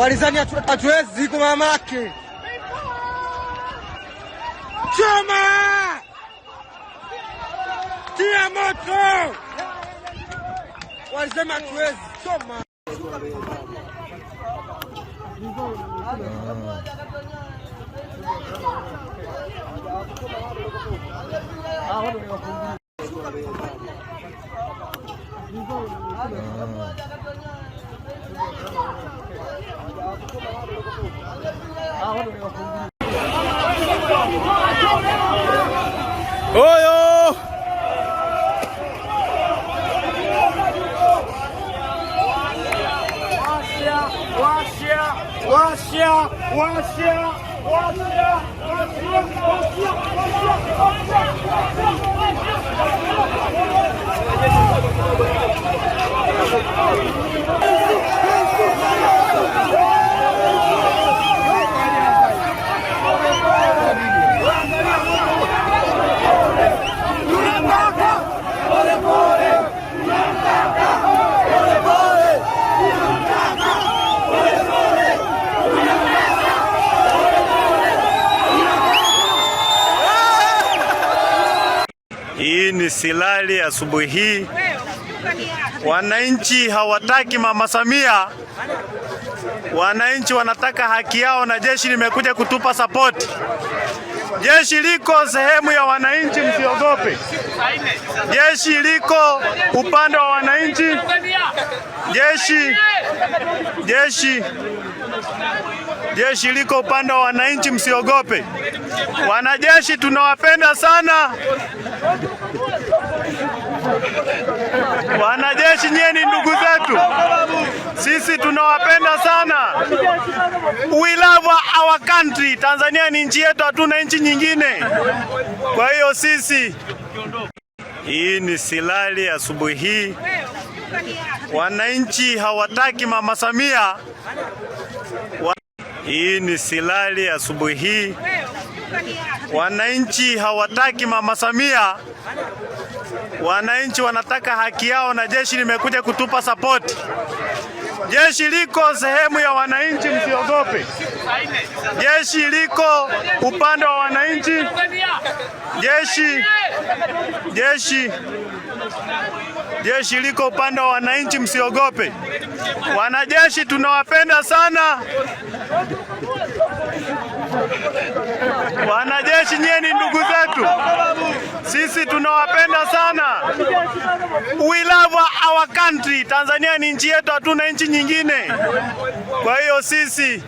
walizani hatuwezi kumama mamake choma tia moto walisema hatuwezi choma ah. Oh, yeah. Hii ni silali asubuhi hii Wananchi hawataki Mama Samia, wananchi wanataka haki yao, na jeshi limekuja kutupa sapoti. Jeshi liko sehemu ya wananchi, msiogope. Jeshi liko upande wa wananchi. Jeshi jeshi Jeshi liko upande wa wananchi, msiogope. Wanajeshi tunawapenda sana. Wanajeshi nyie ni ndugu zetu, sisi tunawapenda sana. We love our country. Tanzania ni nchi yetu, hatuna nchi nyingine. Kwa hiyo sisi, hii ni silali asubuhi hii Wananchi hawataki Mama Samia hii ni silali asubuhi hii. Wananchi hawataki Mama Samia, wananchi wanataka haki yao, na jeshi limekuja kutupa sapoti. Jeshi liko sehemu ya wananchi, msiogope. Jeshi liko upande wa wananchi. Jeshi jeshi jeshi liko upande wa wananchi, msiogope. Wanajeshi tunawapenda sana. Wanajeshi nyie ni ndugu zetu, sisi tunawapenda sana. We love our country. Tanzania ni nchi yetu, hatuna nchi nyingine. Kwa hiyo sisi